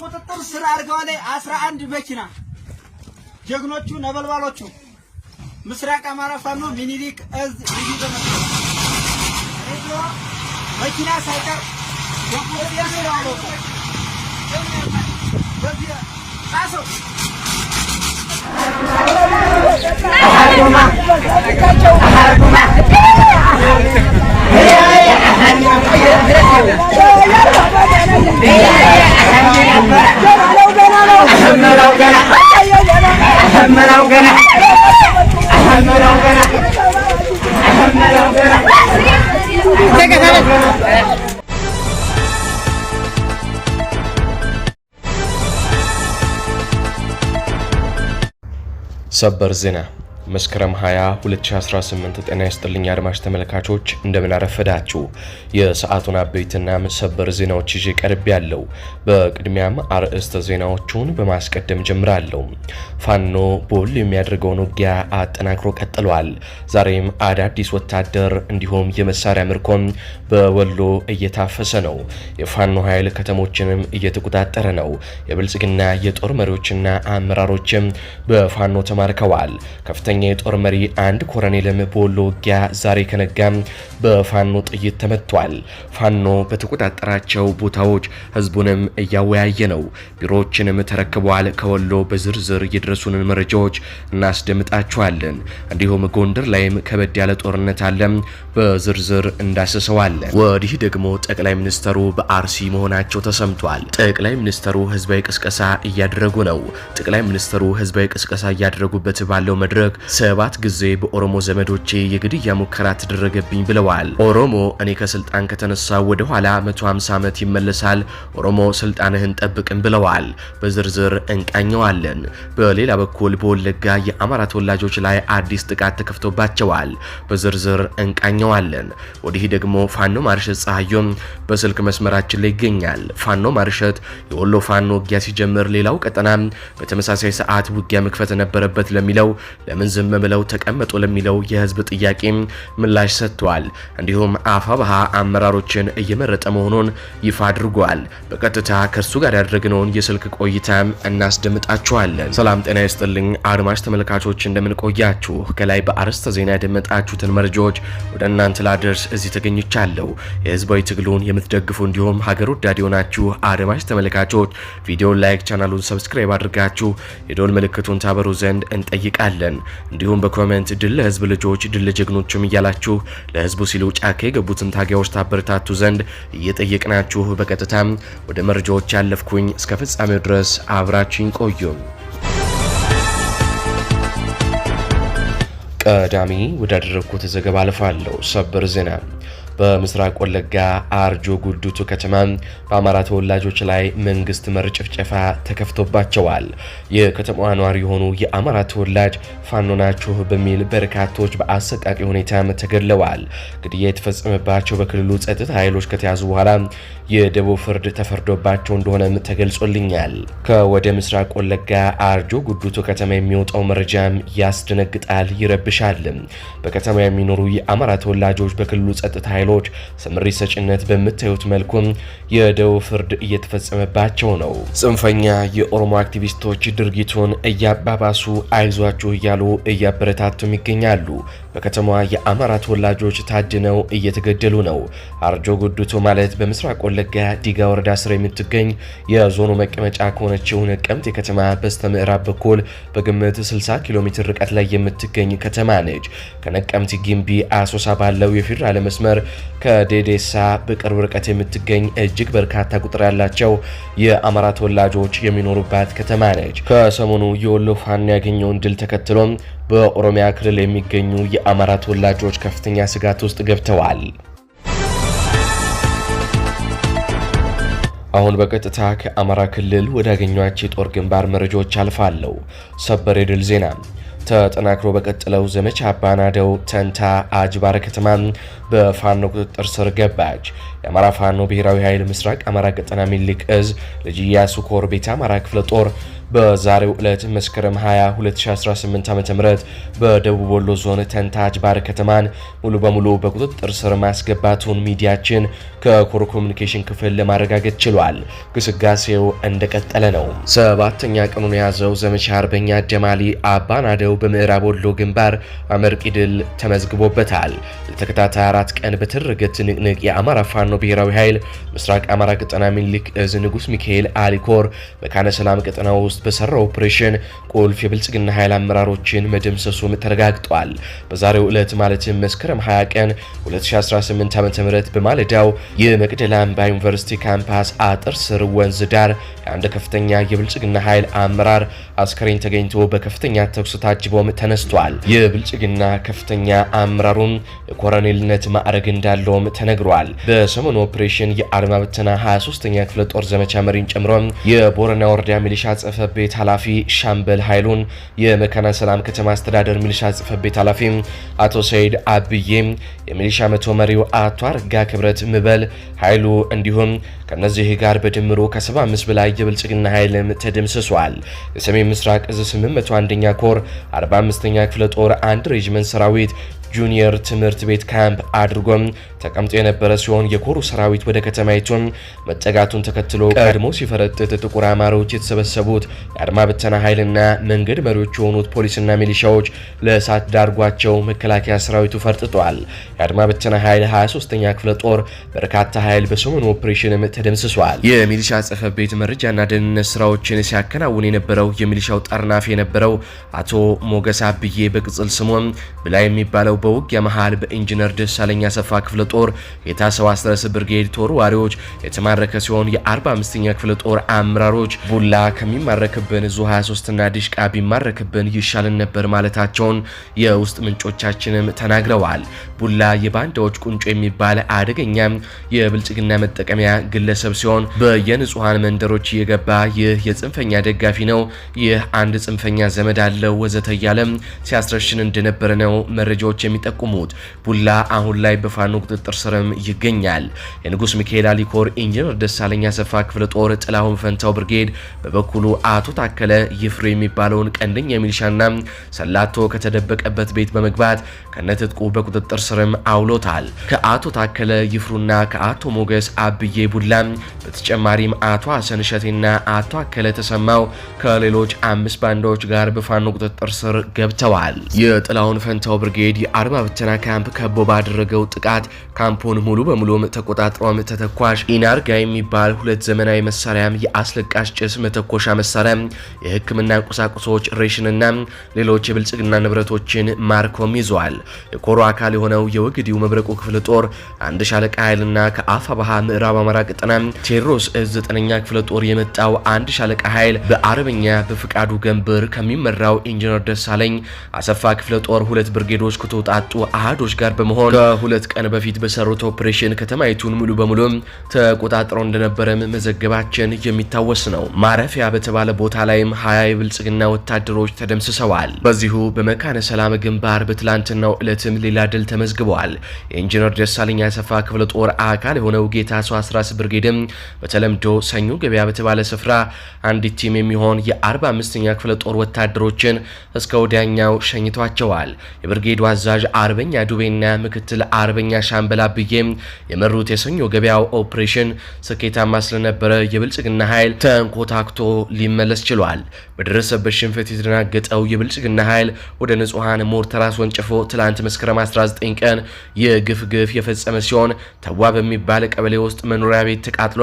በቁጥጥር ስር አድርገዋል። አስራ አንድ መኪና ጀግኖቹ ነበልባሎቹ ምስራቅ አማራ ፋኖ ሚኒሊክ እዝ ልዩ መኪና ሳይቀር ሰበር ዜና መስከረም 20 2018። ጤና ይስጥልኝ አድማጭ ተመልካቾች፣ እንደምን አረፈዳችሁ። የሰዓቱን አበይትና ሰበር ዜናዎች ይዤ ቀርብ ያለው። በቅድሚያም አርዕስተ ዜናዎቹን በማስቀደም ጀምራለሁ። ፋኖ ቦል የሚያደርገውን ውጊያ አጠናክሮ ቀጥሏል። ዛሬም አዳዲስ ወታደር እንዲሁም የመሳሪያ ምርኮም በወሎ እየታፈሰ ነው። የፋኖ ኃይል ከተሞችንም እየተቆጣጠረ ነው። የብልጽግና የጦር መሪዎችና አመራሮችም በፋኖ ተማርከዋል። ከፍተኛ ከፍተኛ የጦር መሪ አንድ ኮረኔልም በወሎ ውጊያ ዛሬ ከነጋም በፋኖ ጥይት ተመቷል። ፋኖ በተቆጣጠራቸው ቦታዎች ህዝቡንም እያወያየ ነው። ቢሮዎችንም ተረክበዋል። ከወሎ በዝርዝር የደረሱንን መረጃዎች እናስደምጣችኋለን። እንዲሁም ጎንደር ላይም ከበድ ያለ ጦርነት አለም በዝርዝር እንዳስሰዋለን። ወዲህ ደግሞ ጠቅላይ ሚኒስተሩ በአርሲ መሆናቸው ተሰምቷል። ጠቅላይ ሚኒስተሩ ህዝባዊ ቅስቀሳ እያደረጉ ነው። ጠቅላይ ሚኒስተሩ ህዝባዊ ቅስቀሳ እያደረጉበት ባለው መድረክ ሰባት ጊዜ በኦሮሞ ዘመዶቼ የግድያ ሙከራ ተደረገብኝ ብለዋል። ኦሮሞ እኔ ከስልጣን ከተነሳ ወደ ኋላ 150 ዓመት ይመለሳል። ኦሮሞ ስልጣንህን ጠብቅን ብለዋል። በዝርዝር እንቃኘዋለን። በሌላ በኩል በወለጋ የአማራ ተወላጆች ላይ አዲስ ጥቃት ተከፍቶባቸዋል። በዝርዝር እንቃኘዋለን። ወዲህ ደግሞ ፋኖ ማርሸት ፀሐዩም በስልክ መስመራችን ላይ ይገኛል። ፋኖ ማርሸት የወሎ ፋኖ ውጊያ ሲጀምር ሌላው ቀጠና በተመሳሳይ ሰዓት ውጊያ መክፈት ነበረበት ለሚለው ለምን ዝም ብለው ተቀመጡ ለሚለው የህዝብ ጥያቄ ምላሽ ሰጥቷል። እንዲሁም አፋብሃ አመራሮችን እየመረጠ መሆኑን ይፋ አድርጓል። በቀጥታ ከእርሱ ጋር ያደረግነውን የስልክ ቆይታም እናስደምጣችኋለን። ሰላም ጤና ይስጥልኝ አድማጭ ተመልካቾች፣ እንደምንቆያችሁ ከላይ በአርዕስተ ዜና ያደመጣችሁትን መረጃዎች ወደ እናንተ ላደርስ እዚህ ተገኝቻለሁ። የህዝባዊ ትግሉን የምትደግፉ እንዲሁም ሀገር ወዳድ የሆናችሁ አድማጭ ተመልካቾች ቪዲዮ ላይክ፣ ቻናሉን ሰብስክራይብ አድርጋችሁ የዶል ምልክቱን ታበሩ ዘንድ እንጠይቃለን። እንዲሁም በኮመንት ድል ለህዝብ ልጆች፣ ድል ለጀግኖችም እያላችሁ ለህዝቡ ሲሉ ጫካ የገቡትን ታጋዮች ታበረታቱ ዘንድ እየጠየቅናችሁ በቀጥታ ወደ መረጃዎች ያለፍኩኝ። እስከ ፍጻሜው ድረስ አብራችኝ ቆዩ ቀዳሚ ወዳደረግኩት ዘገባ አልፋለሁ። ሰበር ዜና በምስራቅ ወለጋ አርጆ ጉዱቱ ከተማ በአማራ ተወላጆች ላይ መንግስት መር ጭፍጨፋ ተከፍቶባቸዋል። የከተማዋ ነዋሪ የሆኑ የአማራ ተወላጅ ፋኖ ናችሁ በሚል በርካቶች በአሰቃቂ ሁኔታ ተገድለዋል። ግድያ የተፈጸመባቸው በክልሉ ጸጥታ ኃይሎች ከተያዙ በኋላ የደቡብ ፍርድ ተፈርዶባቸው እንደሆነም ተገልጾልኛል። ከወደ ምስራቅ ወለጋ አርጆ ጉዱቱ ከተማ የሚወጣው መረጃም ያስደነግጣል፣ ይረብሻል። በከተማ የሚኖሩ የአማራ ተወላጆች በክልሉ ጸጥታ ኃይሎች ስምሪት ሰጭነት በምታዩት መልኩ የደቡብ ፍርድ እየተፈጸመባቸው ነው። ጽንፈኛ የኦሮሞ አክቲቪስቶች ድርጊቱን እያባባሱ አይዟችሁ እያሉ እያበረታቱም ይገኛሉ። በከተማዋ የአማራ ተወላጆች ታድነው እየተገደሉ ነው። አርጆ ጉዱቱ ማለት በምስራቅ ወለጋ ዲጋ ወረዳ ስር የምትገኝ የዞኑ መቀመጫ ከሆነችው ቀምት ከተማ በስተ ምዕራብ በኩል በግምት 60 ኪሎ ሜትር ርቀት ላይ የምትገኝ ከተማ ነች። ከነቀምት ጊምቢ አሶሳ ባለው የፌዴራል መስመር ከዴዴሳ በቅርብ ርቀት የምትገኝ እጅግ በርካታ ቁጥር ያላቸው የአማራ ተወላጆች የሚኖሩባት ከተማ ነች። ከሰሞኑ የወሎ ፋኖ ያገኘውን ድል ተከትሎም በኦሮሚያ ክልል የሚገኙ የአማራ ተወላጆች ከፍተኛ ስጋት ውስጥ ገብተዋል። አሁን በቀጥታ ከአማራ ክልል ወዳገኟቸው የጦር ግንባር መረጃዎች አልፋለሁ። ሰበር የድል ዜና ተጠናክሮ በቀጠለው ዘመቻ አባናደው ተንታ አጅባር ከተማ በፋኖ ቁጥጥር ስር ገባች። የአማራ ፋኖ ብሔራዊ ኃይል ምስራቅ አማራ ቀጠና ሚኒልክ እዝ ልጅ ኢያሱ ኮር ቤተ አማራ ክፍለ ጦር በዛሬው ዕለት መስከረም 20 2018 ዓ.ም በደቡብ ወሎ ዞን ተንታጅ ባር ከተማን ሙሉ በሙሉ በቁጥጥር ስር ማስገባቱን ሚዲያችን ከኮር ኮሚኒኬሽን ክፍል ለማረጋገጥ ችሏል። ግስጋሴው እንደቀጠለ ነው። ሰባተኛ ቀኑን የያዘው ዘመቻ አርበኛ ደማሊ አባናደው በምዕራብ ወሎ ግንባር አመርቂ ድል ተመዝግቦበታል። ለተከታታይ አራት ቀን በተደረገ ትንቅንቅ የአማራ ፋኖ ብሔራዊ ኃይል ምስራቅ አማራ ቀጠና ሚኒሊክ እዝ ንጉስ ሚካኤል አሊኮር መካነ ሰላም ቀጠና ውስጥ ውስጥ በሰራው ኦፕሬሽን ቁልፍ የብልጽግና ኃይል አመራሮችን መደምሰሱም ተረጋግጧል። በዛሬው ዕለት ማለትም መስከረም 20 ቀን 2018 ዓ ም በማለዳው የመቅደላ አምባ ዩኒቨርሲቲ ካምፓስ አጥር ስር ወንዝ ዳር የአንድ ከፍተኛ የብልጽግና ኃይል አመራር አስከሬን ተገኝቶ በከፍተኛ ተኩስ ታጅቦም ተነስቷል። የብልጽግና ከፍተኛ አመራሩም የኮረኔልነት ማዕረግ እንዳለውም ተነግሯል። በሰሞኑ ኦፕሬሽን የአድማ ብተና 23ኛ ክፍለ ጦር ዘመቻ መሪን ጨምሮ የቦረና ወረዳ ሚሊሻ ጽፈ ጽህፈት ቤት ኃላፊ ሻምበል ኃይሉን፣ የመካነ ሰላም ከተማ አስተዳደር ሚሊሻ ጽህፈት ቤት ኃላፊ አቶ ሰይድ አብዬ፣ የሚሊሻ መቶ መሪው አቶ አረጋ ክብረት ምበል ኃይሉ እንዲሁም ከነዚህ ጋር በድምሩ ከ75 በላይ የብልጽግና ኃይልም ተደምስሷል። የሰሜን ምስራቅ እዝ 801ኛ ኮር 45ኛ ክፍለ ጦር አንድ ሬጅመንት ሰራዊት ጁኒየር ትምህርት ቤት ካምፕ አድርጎም ተቀምጦ የነበረ ሲሆን የኮሩ ሰራዊት ወደ ከተማይቱም መጠጋቱን ተከትሎ ቀድሞ ሲፈረጥት ጥቁር አማሮች የተሰበሰቡት የአድማ ብተና ኃይልና መንገድ መሪዎች የሆኑት ፖሊስና ሚሊሻዎች ለእሳት ዳርጓቸው መከላከያ ሰራዊቱ ፈርጥጧል። የአድማ ብተና ኃይል 23ኛ ክፍለ ጦር በርካታ ኃይል በሰሞኑ ኦፕሬሽንም ተደምስሷል። የሚሊሻ ጽሕፈት ቤት መረጃና ደህንነት ስራዎችን ሲያከናውን የነበረው የሚሊሻው ጠርናፍ የነበረው አቶ ሞገስ አብዬ በቅጽል ስሙም ብላ የሚባለው በውጊያ መሃል በኢንጂነር ደሳለኛ ሰፋ ክፍለ ጦር የታሰው አስረስ ብርጌድ ተወርዋሪዎች የተማረከ ሲሆን የ45ኛ ክፍለ ጦር አመራሮች ቡላ ከሚማረክብን ዙ 23ና ዲሽቃ ቢማረክብን ይሻልን ነበር ማለታቸውን የውስጥ ምንጮቻችንም ተናግረዋል። ቡላ የባንዳዎች ቁንጮ የሚባል አደገኛ የብልጽግና መጠቀሚያ ግለሰብ ሲሆን በየንጹሐን መንደሮች እየገባ ይህ የጽንፈኛ ደጋፊ ነው፣ ይህ አንድ ጽንፈኛ ዘመድ አለው ወዘተ እያለም ሲያስረሽን እንደነበረ ነው መረጃዎች የሚጠቁሙት። ቡላ አሁን ላይ በፋኖ ቁጥጥር ስርም ይገኛል። የንጉስ ሚካኤል አሊኮር ኢንጂነር ደሳለኛ ሰፋ ክፍለ ጦር ጥላሁን ፈንታው ብርጌድ በበኩሉ አቶ ታከለ ይፍሩ የሚባለውን ቀንደኛ ሚሊሻና ሰላቶ ከተደበቀበት ቤት በመግባት ከነትጥቁ በቁጥጥር ስርም አውሎታል። ከአቶ ታከለ ይፍሩና ከአቶ ሞገስ አብዬ ቡላም በተጨማሪም አቶ ሀሰን ሸቴና አቶ አከለ ተሰማው ከሌሎች አምስት ባንዳዎች ጋር በፋኖ ቁጥጥር ስር ገብተዋል። የጥላውን ፈንታው ብርጌድ የአርባ ብተና ካምፕ ከቦ ባደረገው ጥቃት ካምፑን ሙሉ በሙሉም ተቆጣጥሮም ተተኳሽ ኢናርጋ የሚባል ሁለት ዘመናዊ መሳሪያም፣ የአስለቃሽ ጭስ መተኮሻ መሳሪያ፣ የሕክምና ቁሳቁሶች፣ ሬሽንና ሌሎች የብልጽግና ንብረቶችን ማርኮም ይዟል። የኮሮ አካል የሆነው የ የወግዲው መብረቁ ክፍለ ጦር አንድ ሻለቃ ኃይልና ከአፋ ባሃ ምዕራብ አማራ ቀጠና ቴዎድሮስ እዝ ዘጠነኛ ክፍለ ጦር የመጣው አንድ ሻለቃ ኃይል በአረበኛ በፍቃዱ ገንብር ከሚመራው ኢንጂነር ደሳለኝ አሰፋ ክፍለ ጦር ሁለት ብርጌዶች ከተውጣጡ አህዶች ጋር በመሆን ከሁለት ቀን በፊት በሰሩት ኦፕሬሽን ከተማይቱን ሙሉ በሙሉ ተቆጣጥረው እንደነበረም መዘገባችን የሚታወስ ነው። ማረፊያ በተባለ ቦታ ላይም ሀያ የብልጽግና ወታደሮች ተደምስሰዋል። በዚሁ በመካነ ሰላም ግንባር በትላንትናው ዕለትም ሌላ ድል ተመዝግቧል። አድርገዋል። የኢንጂነር ደሳለኝ ያሰፋ ክፍለ ጦር አካል የሆነው ጌታ ሰው 14 ብርጌድም በተለምዶ ሰኞ ገበያ በተባለ ስፍራ አንድ ቲም የሚሆን የ45ኛ ክፍለ ጦር ወታደሮችን እስከ ወዲያኛው ሸኝቷቸዋል። የብርጌዱ አዛዥ አርበኛ ዱቤና ምክትል አርበኛ ሻምበላ ብዬም የመሩት የሰኞ ገበያው ኦፕሬሽን ስኬታማ ስለነበረ የብልጽግና ኃይል ተንኮታክቶ ሊመለስ ችሏል። በደረሰበት ሽንፈት የተደናገጠው የብልጽግና ኃይል ወደ ንጹሐን ሞርተር አስወንጭፎ ትላንት መስከረም 19 ቀን የግፍ ግፍ የፈጸመ ሲሆን ተዋ በሚባል ቀበሌ ውስጥ መኖሪያ ቤት ተቃጥሎ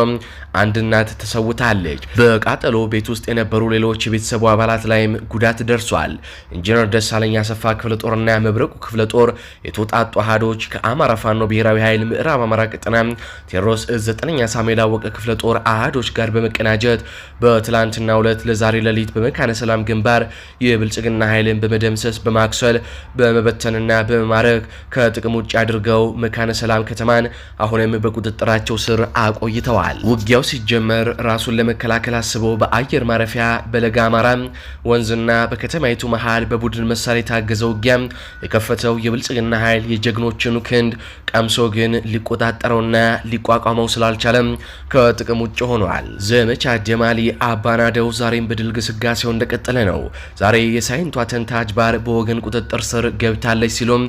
አንድ እናት ተሰውታለች። በቃጠሎ ቤት ውስጥ የነበሩ ሌሎች የቤተሰቡ አባላት ላይም ጉዳት ደርሷል። ኢንጂነር ደሳለኝ አሰፋ ክፍለ ጦርና መብረቁ ክፍለ ጦር የተውጣጡ አህዶች ከአማራ ፋኖ ብሔራዊ ኃይል ምዕራብ አማራ ቅጥና ቴዎድሮስ እዝ ዘጠነኛ ሳሙኤል አወቀ ክፍለ ጦር አህዶች ጋር በመቀናጀት በትላንትና ሁለት ለዛሬ ሌሊት በመካነ ሰላም ግንባር የብልጽግና ኃይልን በመደምሰስ በማክሰል በመበተንና በመማረክ ከጥቅም ከጥቅም ውጭ አድርገው መካነ ሰላም ከተማን አሁንም በቁጥጥራቸው ስር አቆይተዋል። ውጊያው ሲጀመር ራሱን ለመከላከል አስቦ በአየር ማረፊያ በለጋ አማራ ወንዝና በከተማይቱ መሃል በቡድን መሳሪያ የታገዘ ውጊያ የከፈተው የብልጽግና ኃይል የጀግኖችን ክንድ ቀምሶ ግን ሊቆጣጠረውና ሊቋቋመው ስላልቻለም ከጥቅም ውጭ ሆኗል። ዘመቻ ደማሊ አባናደው ዛሬም በድል ግስጋሴው እንደቀጠለ ነው። ዛሬ የሳይንቷ ተንታጅ ባር በወገን ቁጥጥር ስር ገብታለች ሲሉም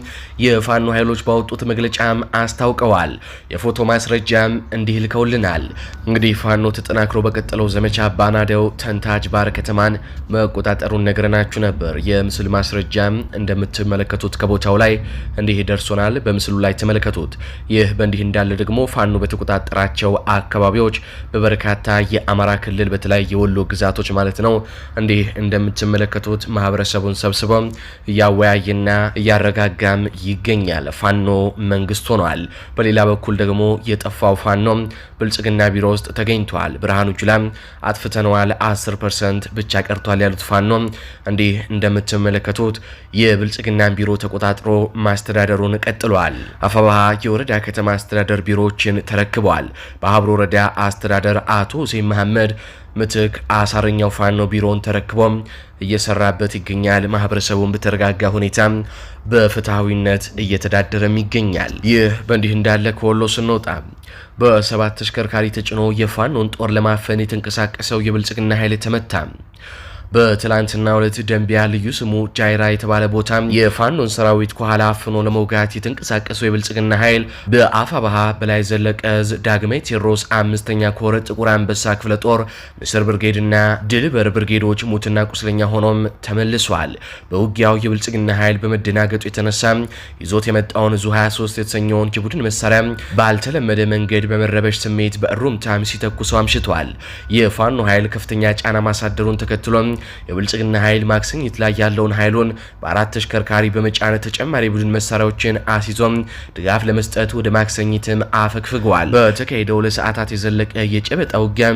የፋኖ ኃይሎች ባወጡት መግለጫም አስታውቀዋል። የፎቶ ማስረጃም እንዲህ ልከውልናል። እንግዲህ ፋኖ ተጠናክሮ በቀጠለው ዘመቻ ባናደው ተንታጅ ባር ከተማን መቆጣጠሩን ነግረናችሁ ነበር። የምስል ማስረጃም እንደምትመለከቱት ከቦታው ላይ እንዲህ ደርሶናል። በምስሉ ላይ ተመለከቱት። ይህ በእንዲህ እንዳለ ደግሞ ፋኖ በተቆጣጠራቸው አካባቢዎች በበርካታ የአማራ ክልል በተለይ የወሎ ግዛቶች ማለት ነው እንዲህ እንደምትመለከቱት ማህበረሰቡን ሰብስበው እያወያየና እያረጋጋም ይገኛል። ለፋኖ መንግስት ሆኗል። በሌላ በኩል ደግሞ የጠፋው ፋኖ ብልጽግና ቢሮ ውስጥ ተገኝቷል። ብርሃኑ ጁላ አጥፍተነዋል 10 ፐርሰንት ብቻ ቀርቷል ያሉት ፋኖ እንዲህ እንደምትመለከቱት የብልጽግና ቢሮ ተቆጣጥሮ ማስተዳደሩን ቀጥሏል። አፈባሃ የወረዳ ከተማ አስተዳደር ቢሮዎችን ተረክበዋል። በሀብሮ ወረዳ አስተዳደር አቶ ሁሴን መሐመድ ምትክ አሳረኛው ፋኖ ቢሮውን ተረክቦም እየሰራበት ይገኛል። ማህበረሰቡን በተረጋጋ ሁኔታ በፍትሐዊነት እየተዳደረም ይገኛል። ይህ በእንዲህ እንዳለ ከወሎ ስንወጣ በሰባት ተሽከርካሪ ተጭኖ የፋኖን ጦር ለማፈን የተንቀሳቀሰው የብልጽግና ኃይል ተመታ። በትላንትና ሁለት ደንቢያ ልዩ ስሙ ጃይራ የተባለ ቦታ የፋኖን ሰራዊት ከኋላ አፍኖ ለመውጋት የተንቀሳቀሰው የብልጽግና ኃይል በአፋባሃ በላይ ዘለቀዝ ዳግማዊ ቴዎድሮስ አምስተኛ ኮር ጥቁር አንበሳ ክፍለ ጦር ምስር ብርጌድና ድልበር ብርጌዶች ሙትና ቁስለኛ ሆኖም ተመልሷል። በውጊያው የብልጽግና ኃይል በመደናገጡ የተነሳ ይዞት የመጣውን ዙ 23 የተሰኘውን የቡድን መሳሪያ ባልተለመደ መንገድ በመረበሽ ስሜት በሩምታም ሲተኩሰው አምሽቷል። የፋኖ ኃይል ከፍተኛ ጫና ማሳደሩን ተከትሎ የብልጽግና ኃይል ማክሰኝት ላይ ያለውን ኃይሉን በአራት ተሽከርካሪ በመጫነ ተጨማሪ ቡድን መሳሪያዎችን አስይዞም ድጋፍ ለመስጠት ወደ ማክሰኝትም አፈግፍገዋል። በተካሄደው ለሰዓታት የዘለቀ የጨበጣ ውጊያ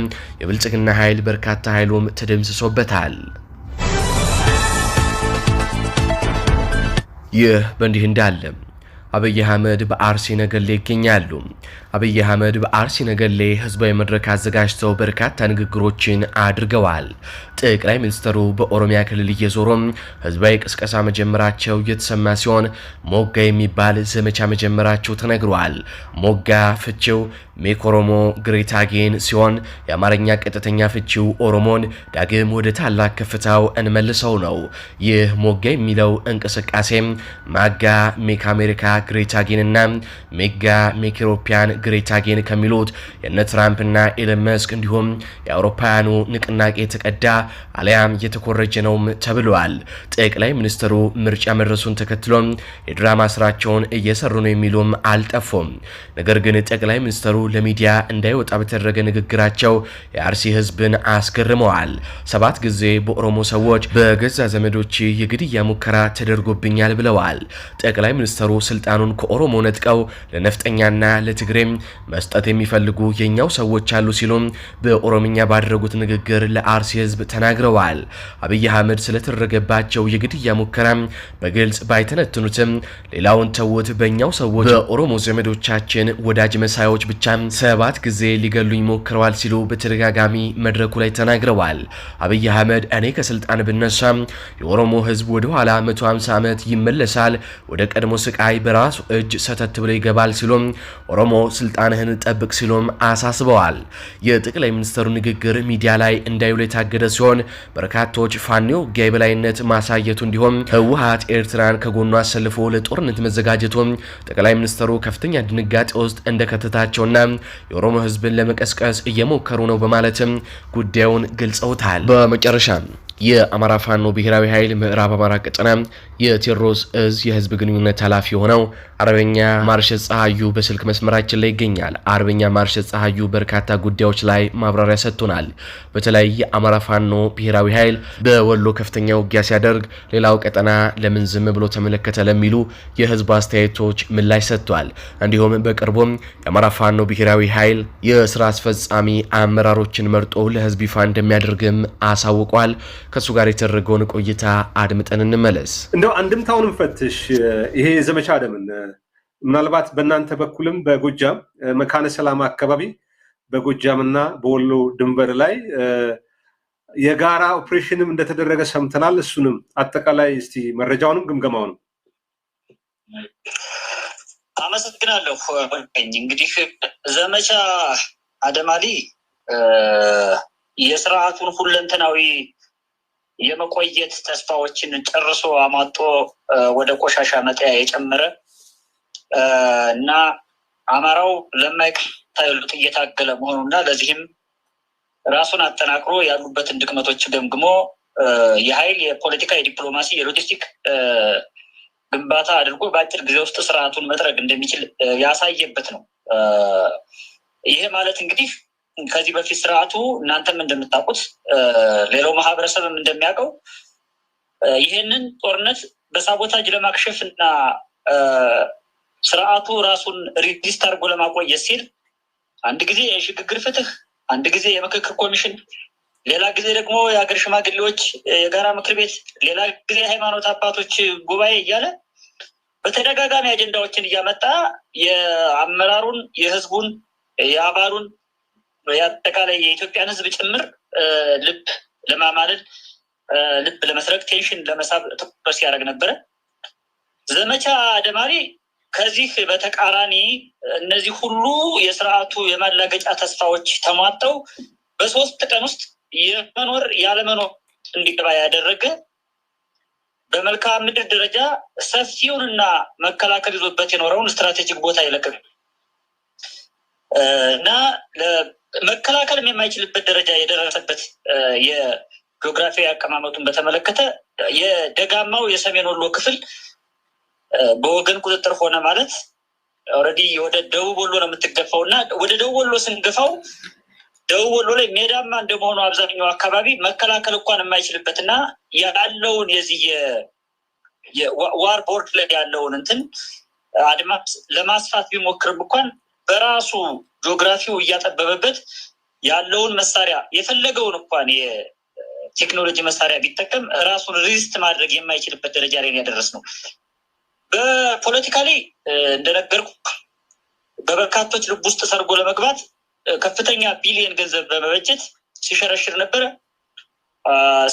የብልጽግና ኃይል በርካታ ኃይሉም ተደምስሶበታል። ይህ በእንዲህ እንዳለ አብይ አህመድ በአርሲ ነገሌ ይገኛሉ። አብይ አህመድ በአርሲ ነገሌ ህዝባዊ መድረክ አዘጋጅተው በርካታ ንግግሮችን አድርገዋል። ጠቅላይ ሚኒስትሩ በኦሮሚያ ክልል እየዞሩም ህዝባዊ ቅስቀሳ መጀመራቸው እየተሰማ ሲሆን ሞጋ የሚባል ዘመቻ መጀመራቸው ተነግሯል። ሞጋ ፍቺው ሜኮሮሞ ግሬታጌን ሲሆን የአማርኛ ቀጥተኛ ፍቺው ኦሮሞን ዳግም ወደ ታላቅ ከፍታው እንመልሰው ነው። ይህ ሞጋ የሚለው እንቅስቃሴም ማጋ ሜክ አሜሪካ ና ሜጋ ሜክ ኢሮፒያን ግሬታ ጌን ከሚሉት የነ ትራምፕና ኤለን መስክ እንዲሁም የአውሮፓውያኑ ንቅናቄ የተቀዳ አሊያም የተኮረጀ ነውም ተብለዋል። ጠቅላይ ሚኒስትሩ ምርጫ መድረሱን ተከትሎም የድራማ ስራቸውን እየሰሩ ነው የሚሉም አልጠፉም። ነገር ግን ጠቅላይ ሚኒስትሩ ለሚዲያ እንዳይወጣ በተደረገ ንግግራቸው የአርሲ ህዝብን አስገርመዋል። ሰባት ጊዜ በኦሮሞ ሰዎች በገዛ ዘመዶች የግድያ ሙከራ ተደርጎብኛል ብለዋል። ጠቅላይ ሚኒስትሩ ስልጣኑን ከኦሮሞ ነጥቀው ለነፍጠኛና ለትግሬ መስጠት የሚፈልጉ የኛው ሰዎች አሉ ሲሉ በኦሮምኛ ባደረጉት ንግግር ለአርሲ ህዝብ ተናግረዋል። አብይ አህመድ ስለተደረገባቸው የግድያ ሙከራ በግልጽ ባይተነትኑትም ሌላውን ተውት፣ በእኛው ሰዎች በኦሮሞ ዘመዶቻችን ወዳጅ መሳዮች ብቻ ሰባት ጊዜ ሊገሉኝ ሞክረዋል ሲሉ በተደጋጋሚ መድረኩ ላይ ተናግረዋል። አብይ አህመድ እኔ ከስልጣን ብነሳ የኦሮሞ ህዝብ ወደ ኋላ 150 ዓመት ይመለሳል፣ ወደ ቀድሞ ስቃይ በራሱ እጅ ሰተት ብሎ ይገባል ሲሉ ኦሮሞ ስልጣንህን ጠብቅ ሲሉም አሳስበዋል። የጠቅላይ ሚኒስትሩ ንግግር ሚዲያ ላይ እንዳይውል የታገደ ሲሆን በርካቶች ፋኖ ውጊያ የበላይነት ማሳየቱ እንዲሁም ህወሀት ኤርትራን ከጎኑ አሰልፎ ለጦርነት መዘጋጀቱ ጠቅላይ ሚኒስትሩ ከፍተኛ ድንጋጤ ውስጥ እንደከተታቸውና የኦሮሞ ህዝብን ለመቀስቀስ እየሞከሩ ነው በማለትም ጉዳዩን ገልጸውታል። በመጨረሻ የአማራ ፋኖ ብሔራዊ ኃይል ምዕራብ አማራ ቀጠና የቴዎድሮስ እዝ የህዝብ ግንኙነት ኃላፊ የሆነው አርበኛ ማርሸ ፀሐዩ በስልክ መስመራችን ላይ ይገኛል። አርበኛ ማርሸ ፀሐዩ በርካታ ጉዳዮች ላይ ማብራሪያ ሰጥቶናል። በተለይ የአማራ ፋኖ ብሔራዊ ኃይል በወሎ ከፍተኛ ውጊያ ሲያደርግ፣ ሌላው ቀጠና ለምን ዝም ብሎ ተመለከተ ለሚሉ የህዝቡ አስተያየቶች ምላሽ ሰጥቷል። እንዲሁም በቅርቡም የአማራ ፋኖ ብሔራዊ ኃይል የስራ አስፈጻሚ አመራሮችን መርጦ ለህዝብ ይፋ እንደሚያደርግም አሳውቋል። ከእሱ ጋር የተደረገውን ቆይታ አድምጠን እንመለስ። እንደው አንድምታውንም ፈትሽ ይሄ ዘመቻ አደምን ምናልባት በእናንተ በኩልም በጎጃም መካነ ሰላማ አካባቢ በጎጃምና በወሎ ድንበር ላይ የጋራ ኦፕሬሽንም እንደተደረገ ሰምተናል። እሱንም አጠቃላይ እስቲ መረጃውንም ግምገማውንም አመሰግናለሁ። እንግዲህ ዘመቻ አደማሊ የስርዓቱን ሁለንተናዊ የመቆየት ተስፋዎችን ጨርሶ አማጦ ወደ ቆሻሻ መጠያ የጨመረ እና አማራው ለማይቅ ተሉት እየታገለ መሆኑ እና ለዚህም ራሱን አጠናክሮ ያሉበትን ድክመቶች ገምግሞ የኃይል፣ የፖለቲካ፣ የዲፕሎማሲ፣ የሎጂስቲክ ግንባታ አድርጎ በአጭር ጊዜ ውስጥ ስርዓቱን መጥረግ እንደሚችል ያሳየበት ነው። ይሄ ማለት እንግዲህ ከዚህ በፊት ስርዓቱ እናንተም እንደምታውቁት ሌላው ማህበረሰብም እንደሚያውቀው ይህንን ጦርነት በሳቦታጅ ለማክሸፍ እና ስርዓቱ ራሱን ሪዲስት አድርጎ ለማቆየት ሲል አንድ ጊዜ የሽግግር ፍትህ፣ አንድ ጊዜ የምክክር ኮሚሽን፣ ሌላ ጊዜ ደግሞ የሀገር ሽማግሌዎች የጋራ ምክር ቤት፣ ሌላ ጊዜ የሃይማኖት አባቶች ጉባኤ እያለ በተደጋጋሚ አጀንዳዎችን እያመጣ የአመራሩን፣ የህዝቡን፣ የአባሉን የአጠቃላይ የኢትዮጵያን ህዝብ ጭምር ልብ ለማማለል ልብ ለመስረቅ ቴንሽን ለመሳብ ትኩረት ሲያደርግ ነበረ። ዘመቻ ደማሪ ከዚህ በተቃራኒ እነዚህ ሁሉ የስርዓቱ የማላገጫ ተስፋዎች ተሟጠው በሶስት ቀን ውስጥ የመኖር ያለመኖር እንዲገባ ያደረገ በመልካም ምድር ደረጃ ሰፊውንና መከላከል ይዞበት የኖረውን ስትራቴጂክ ቦታ ይለቅም እና መከላከልም የማይችልበት ደረጃ የደረሰበት የጂኦግራፊ አቀማመጡን በተመለከተ የደጋማው የሰሜን ወሎ ክፍል በወገን ቁጥጥር ሆነ ማለት ኦልሬዲ ወደ ደቡብ ወሎ ነው የምትገፋው እና ወደ ደቡብ ወሎ ስንገፋው ደቡብ ወሎ ላይ ሜዳማ እንደመሆኑ አብዛኛው አካባቢ መከላከል እንኳን የማይችልበት እና ያለውን የዚህ የዋር ቦርድ ላይ ያለውን እንትን አድማስ ለማስፋት ቢሞክርም እንኳን በራሱ ጂኦግራፊው እያጠበበበት ያለውን መሳሪያ የፈለገውን እንኳን የቴክኖሎጂ መሳሪያ ቢጠቀም ራሱን ሪስት ማድረግ የማይችልበት ደረጃ ላይ ያደረስ ነው። በፖለቲካ ላይ እንደነገርኩ በበርካቶች ልብ ውስጥ ሰርጎ ለመግባት ከፍተኛ ቢሊየን ገንዘብ በመበጀት ሲሸረሽር ነበረ።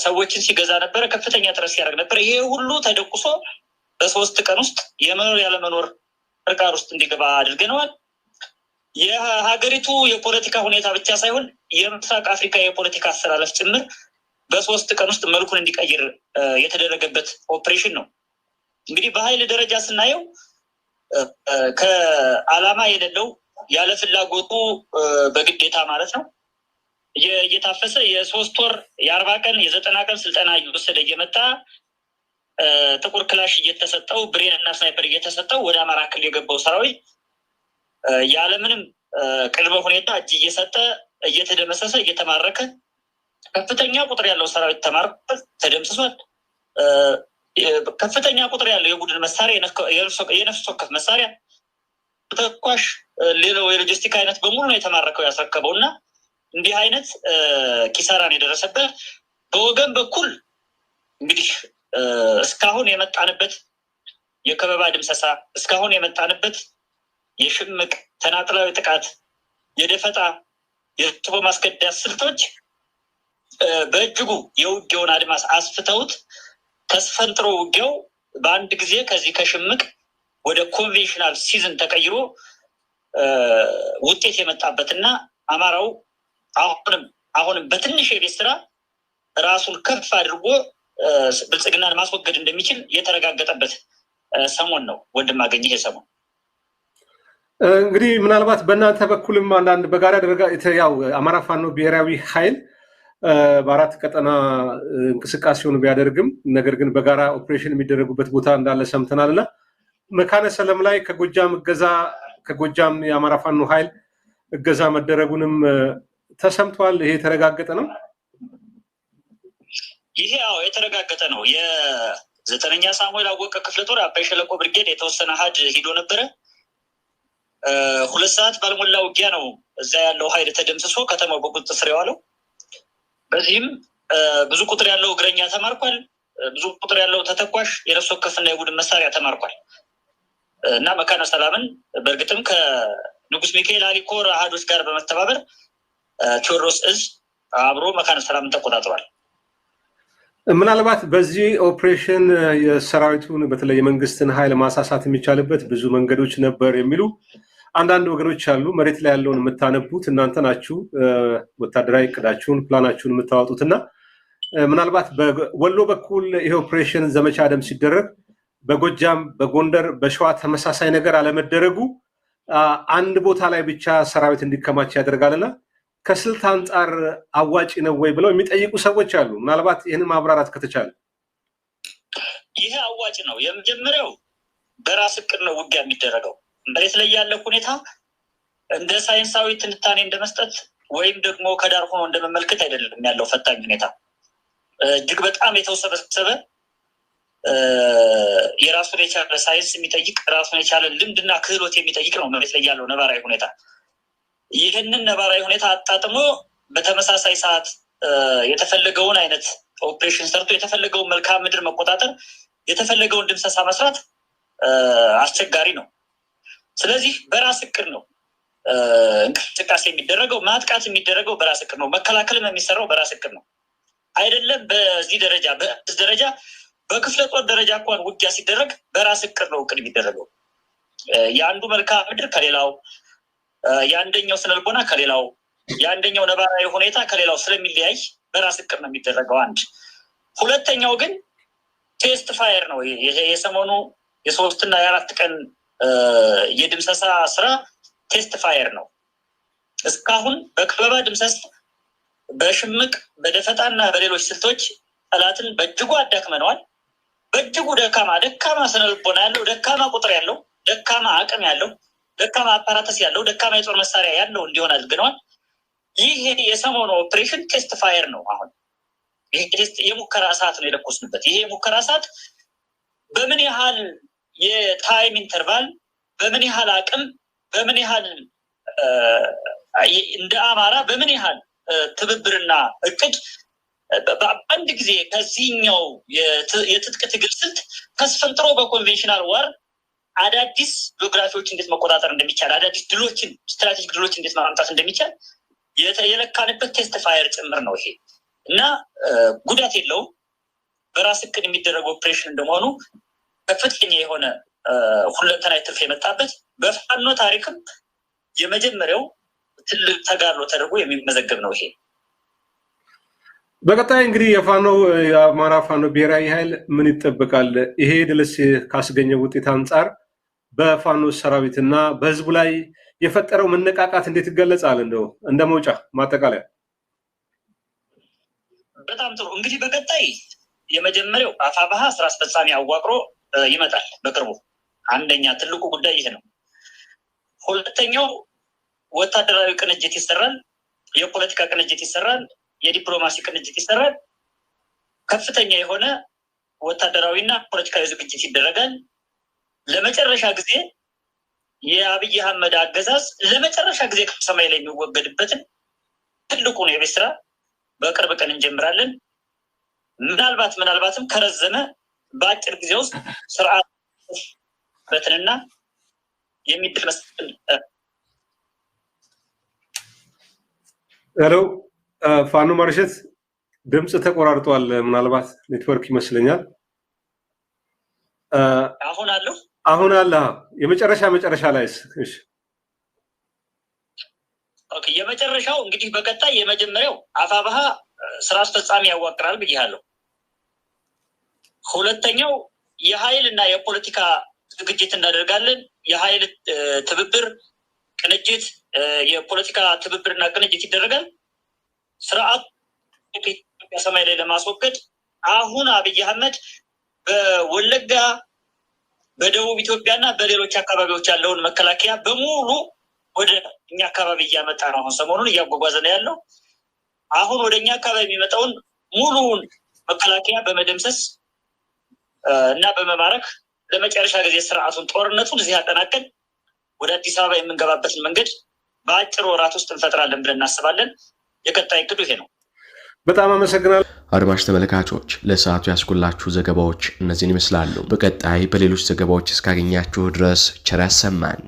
ሰዎችን ሲገዛ ነበረ። ከፍተኛ ጥረት ሲያደርግ ነበረ። ይሄ ሁሉ ተደቁሶ በሶስት ቀን ውስጥ የመኖር ያለመኖር እርቃር ውስጥ እንዲገባ አድርገነዋል። የሀገሪቱ የፖለቲካ ሁኔታ ብቻ ሳይሆን የምስራቅ አፍሪካ የፖለቲካ አሰላለፍ ጭምር በሶስት ቀን ውስጥ መልኩን እንዲቀይር የተደረገበት ኦፕሬሽን ነው። እንግዲህ በኃይል ደረጃ ስናየው ከአላማ የሌለው ያለ ፍላጎቱ በግዴታ ማለት ነው እየታፈሰ የሶስት ወር የአርባ ቀን የዘጠና ቀን ስልጠና እየወሰደ እየመጣ ጥቁር ክላሽ እየተሰጠው ብሬን እና ስናይፐር እየተሰጠው ወደ አማራ ክልል የገባው ሰራዊት ያለምንም ቅድመ ሁኔታ እጅ እየሰጠ እየተደመሰሰ እየተማረከ ከፍተኛ ቁጥር ያለው ሰራዊት ተማርኮበት ተደምስሷል። ከፍተኛ ቁጥር ያለው የቡድን መሳሪያ፣ የነፍስ ወከፍ መሳሪያ፣ ተኳሽ፣ ሌላው የሎጂስቲክ አይነት በሙሉ ነው የተማረከው ያስረከበው እና እንዲህ አይነት ኪሳራን የደረሰበት በወገን በኩል እንግዲህ እስካሁን የመጣንበት የከበባ ድምሰሳ እስካሁን የመጣንበት የሽምቅ ተናጥላዊ ጥቃት፣ የደፈጣ፣ የቱቦ ማስገዳት ስልቶች በእጅጉ የውጊያውን አድማስ አስፍተውት ተስፈንጥሮ ውጊያው በአንድ ጊዜ ከዚህ ከሽምቅ ወደ ኮንቬንሽናል ሲዝን ተቀይሮ ውጤት የመጣበትና አማራው አሁንም አሁንም በትንሽ የቤት ስራ ራሱን ከፍ አድርጎ ብልጽግናን ማስወገድ እንደሚችል የተረጋገጠበት ሰሞን ነው። ወንድማገኝ ይሄ ሰሞን እንግዲህ ምናልባት በእናንተ በኩልም አንዳንድ በጋራ ደረጃ ያው አማራ ፋኖ ብሔራዊ ኃይል በአራት ቀጠና እንቅስቃሴውን ቢያደርግም ነገር ግን በጋራ ኦፕሬሽን የሚደረጉበት ቦታ እንዳለ ሰምተናል እና መካነ ሰላም ላይ ከጎጃም እገዛ ከጎጃም የአማራ ፋኖ ኃይል እገዛ መደረጉንም ተሰምቷል። ይሄ የተረጋገጠ ነው። ይሄ ያው የተረጋገጠ ነው። የዘጠነኛ ሳሙኤል አወቀ ክፍለ ጦር አባይ ሸለቆ ብርጌድ የተወሰነ ሀድ ሂዶ ነበረ። ሁለት ሰዓት ባልሞላ ውጊያ ነው እዛ ያለው ኃይል ተደምስሶ ከተማው በቁጥጥር ስር የዋለው። በዚህም ብዙ ቁጥር ያለው እግረኛ ተማርኳል። ብዙ ቁጥር ያለው ተተኳሽ፣ የነፍስ ወከፍና የቡድን መሳሪያ ተማርኳል እና መካነ ሰላምን በእርግጥም ከንጉስ ሚካኤል አሊኮር አህዶች ጋር በመተባበር ቴዎድሮስ እዝ አብሮ መካነ ሰላምን ተቆጣጥሯል። ምናልባት በዚህ ኦፕሬሽን የሰራዊቱን በተለይ የመንግስትን ኃይል ማሳሳት የሚቻልበት ብዙ መንገዶች ነበር የሚሉ አንዳንድ ወገኖች አሉ መሬት ላይ ያለውን የምታነቡት እናንተ ናችሁ፣ ወታደራዊ እቅዳችሁን ፕላናችሁን የምታወጡት እና ምናልባት በወሎ በኩል ይሄ ኦፕሬሽን ዘመቻ አደም ሲደረግ በጎጃም በጎንደር በሸዋ ተመሳሳይ ነገር አለመደረጉ አንድ ቦታ ላይ ብቻ ሰራዊት እንዲከማች ያደርጋልና ከስልት አንጻር አዋጭ ነው ወይ ብለው የሚጠይቁ ሰዎች አሉ። ምናልባት ይህንን ማብራራት ከተቻለ ይሄ አዋጭ ነው። የመጀመሪያው በራስ እቅድ ነው ውጊያ የሚደረገው መሬት ላይ ያለ ሁኔታ እንደ ሳይንሳዊ ትንታኔ እንደመስጠት ወይም ደግሞ ከዳር ሆኖ እንደመመልከት አይደለም። ያለው ፈታኝ ሁኔታ እጅግ በጣም የተውሰበሰበ የራሱን የቻለ ሳይንስ የሚጠይቅ ራሱን የቻለ ልምድና ክህሎት የሚጠይቅ ነው መሬት ላይ ያለው ነባራዊ ሁኔታ። ይህንን ነባራዊ ሁኔታ አጣጥሞ በተመሳሳይ ሰዓት የተፈለገውን አይነት ኦፕሬሽን ሰርቶ የተፈለገውን መልካም ምድር መቆጣጠር፣ የተፈለገውን ድምሰሳ መስራት አስቸጋሪ ነው። ስለዚህ በራስ እቅድ ነው እንቅስቃሴ የሚደረገው፣ ማጥቃት የሚደረገው በራስ እቅድ ነው፣ መከላከልም የሚሰራው በራስ እቅድ ነው። አይደለም በዚህ ደረጃ በዚህ ደረጃ በክፍለ ጦር ደረጃ እንኳን ውጊያ ሲደረግ በራስ እቅድ ነው እቅድ የሚደረገው። የአንዱ መልክዓ ምድር ከሌላው፣ የአንደኛው ስነልቦና ከሌላው፣ የአንደኛው ነባራዊ ሁኔታ ከሌላው ስለሚለያይ በራስ እቅድ ነው የሚደረገው። አንድ ሁለተኛው ግን ቴስት ፋየር ነው። ይሄ የሰሞኑ የሶስትና የአራት ቀን የድምሰሳ ስራ ቴስት ፋየር ነው። እስካሁን በክበባ ድምሰሳ፣ በሽምቅ በደፈጣ እና በሌሎች ስልቶች ጠላትን በእጅጉ አዳክመነዋል። በእጅጉ ደካማ ደካማ ስነልቦና ያለው ደካማ ቁጥር ያለው ደካማ አቅም ያለው ደካማ አፓራተስ ያለው ደካማ የጦር መሳሪያ ያለው እንዲሆን አድርገነዋል። ይህ የሰሞኑ ኦፕሬሽን ቴስት ፋየር ነው። አሁን የሙከራ እሳት ነው የለኮስንበት። ይሄ የሙከራ እሳት በምን ያህል የታይም ኢንተርቫል በምን ያህል አቅም በምን ያህል እንደ አማራ በምን ያህል ትብብርና እቅድ በአንድ ጊዜ ከዚህኛው የትጥቅ ትግል ስልት ተስፈንጥሮ በኮንቬንሽናል ዋር አዳዲስ ጂኦግራፊዎች እንዴት መቆጣጠር እንደሚቻል አዳዲስ ድሎችን ስትራቴጂክ ድሎች እንዴት ማምጣት እንደሚቻል የለካንበት ቴስት ፋየር ጭምር ነው ይሄ እና ጉዳት የለውም። በራስ እቅድ የሚደረግ ኦፕሬሽን እንደመሆኑ ከፍተኛ የሆነ ሁለንተናዊ ትርፍ የመጣበት በፋኖ ታሪክም የመጀመሪያው ትልቅ ተጋድሎ ተደርጎ የሚመዘገብ ነው ይሄ። በቀጣይ እንግዲህ የፋኖ የአማራ ፋኖ ብሔራዊ ኃይል ምን ይጠበቃል? ይሄ ድልስ ካስገኘ ውጤት አንጻር በፋኖ ሰራዊትና በህዝቡ ላይ የፈጠረው መነቃቃት እንዴት ይገለጻል? እንደው እንደ መውጫ ማጠቃለያ። በጣም ጥሩ እንግዲህ በቀጣይ የመጀመሪያው አፋባሀ ስራ አስፈጻሚ አዋቅሮ ይመጣል በቅርቡ። አንደኛ ትልቁ ጉዳይ ይህ ነው። ሁለተኛው ወታደራዊ ቅንጅት ይሰራል፣ የፖለቲካ ቅንጅት ይሰራል፣ የዲፕሎማሲ ቅንጅት ይሰራል። ከፍተኛ የሆነ ወታደራዊና ፖለቲካዊ ዝግጅት ይደረጋል። ለመጨረሻ ጊዜ የአብይ አህመድ አገዛዝ ለመጨረሻ ጊዜ ከሰማይ ላይ የሚወገድበትን ትልቁን የቤት ስራ በቅርብ ቀን እንጀምራለን። ምናልባት ምናልባትም ከረዘመ በአጭር ጊዜ ውስጥ ስርዓት በትንና የሚደመስል ሄሎ፣ ፋኖ ማርሸት ድምፅ ተቆራርጧል። ምናልባት ኔትወርክ ይመስለኛል። አሁን አለሁ አሁን አለ። የመጨረሻ መጨረሻ ላይስ? እሺ የመጨረሻው እንግዲህ በቀጣይ የመጀመሪያው አፋብሃ ስራ አስፈጻሚ ያዋቅራል ብያለሁ። ሁለተኛው የሀይል እና የፖለቲካ ዝግጅት እናደርጋለን። የሀይል ትብብር ቅንጅት፣ የፖለቲካ ትብብርና ቅንጅት ይደረጋል። ስርዓቱ ኢትዮጵያ ሰማይ ላይ ለማስወገድ አሁን አብይ አህመድ በወለጋ በደቡብ ኢትዮጵያ እና በሌሎች አካባቢዎች ያለውን መከላከያ በሙሉ ወደ እኛ አካባቢ እያመጣ ነው። አሁን ሰሞኑን እያጓጓዘ ነው ያለው። አሁን ወደ እኛ አካባቢ የሚመጣውን ሙሉውን መከላከያ በመደምሰስ እና በመማረክ ለመጨረሻ ጊዜ ስርዓቱን ጦርነቱን እዚህ አጠናቀን ወደ አዲስ አበባ የምንገባበትን መንገድ በአጭር ወራት ውስጥ እንፈጥራለን ብለን እናስባለን። የቀጣይ እቅዱ ይሄ ነው። በጣም አመሰግናለሁ። አድማሽ ተመልካቾች ለሰዓቱ ያስኩላችሁ ዘገባዎች እነዚህን ይመስላሉ። በቀጣይ በሌሎች ዘገባዎች እስካገኛችሁ ድረስ ቸር ያሰማን።